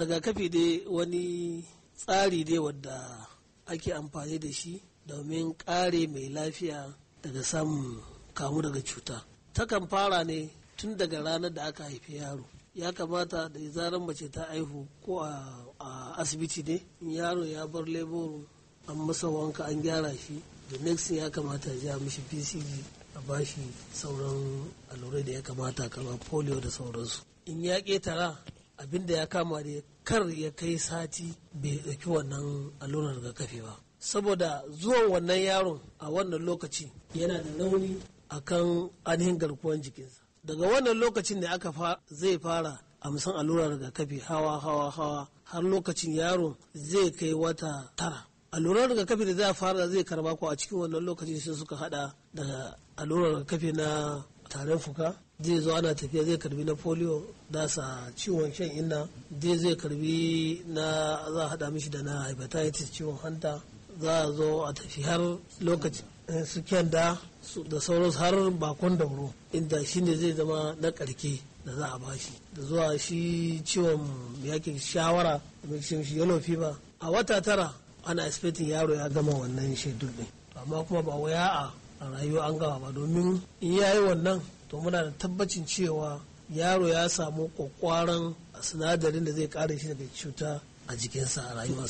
rigakafi dai wani tsari dai wadda ake amfani da shi domin kare mai lafiya daga samun kamu daga cuta takan fara ne tun daga ranar da aka haifi yaro ya kamata da zarar mace ta haihu ko a asibiti ne yaro ya bar lebur an masa wanka an gyara shi da next ya kamata ya mishi pcg a bashi sauran allurai da ya kamata kama polio da sauransu in ya ketara Abin da ya kama da kar ya kai sati bai ɗauki wannan allurar rigakafi ba saboda zuwan wannan yaron a wannan lokaci yana da a kan ainihin garkuwan jikinsa daga wannan lokacin ne aka fa zai fara amsan allurar rigakafi hawa hawa hawa har lokacin yaron zai kai wata tara allurar rigakafi da za a fara zai karba ko a cikin wannan lokacin sai suka hada da allurar rigakafi na tarin fuka zai zo ana tafiya zai karbi na polio dasa ciwon shan inna zai zai karbi na za a hada mishi da na hepatitis ciwon hanta za a zo a tafi har lokaci eh, su da da sauransu har bakon dauro inda shi ne zai zama na karke da za a bashi da zuwa shi ciwon yakin shawara da mai shi yellow fever a wata tara ana expecting yaro ya gama wannan shedul din amma kuma ba waya a a rayuwa an gama ba domin in ya yi wannan to muna da tabbacin cewa yaro ya samu kwakwaran sinadarin da zai kare shi daga cuta a jikinsa a rayuwarsa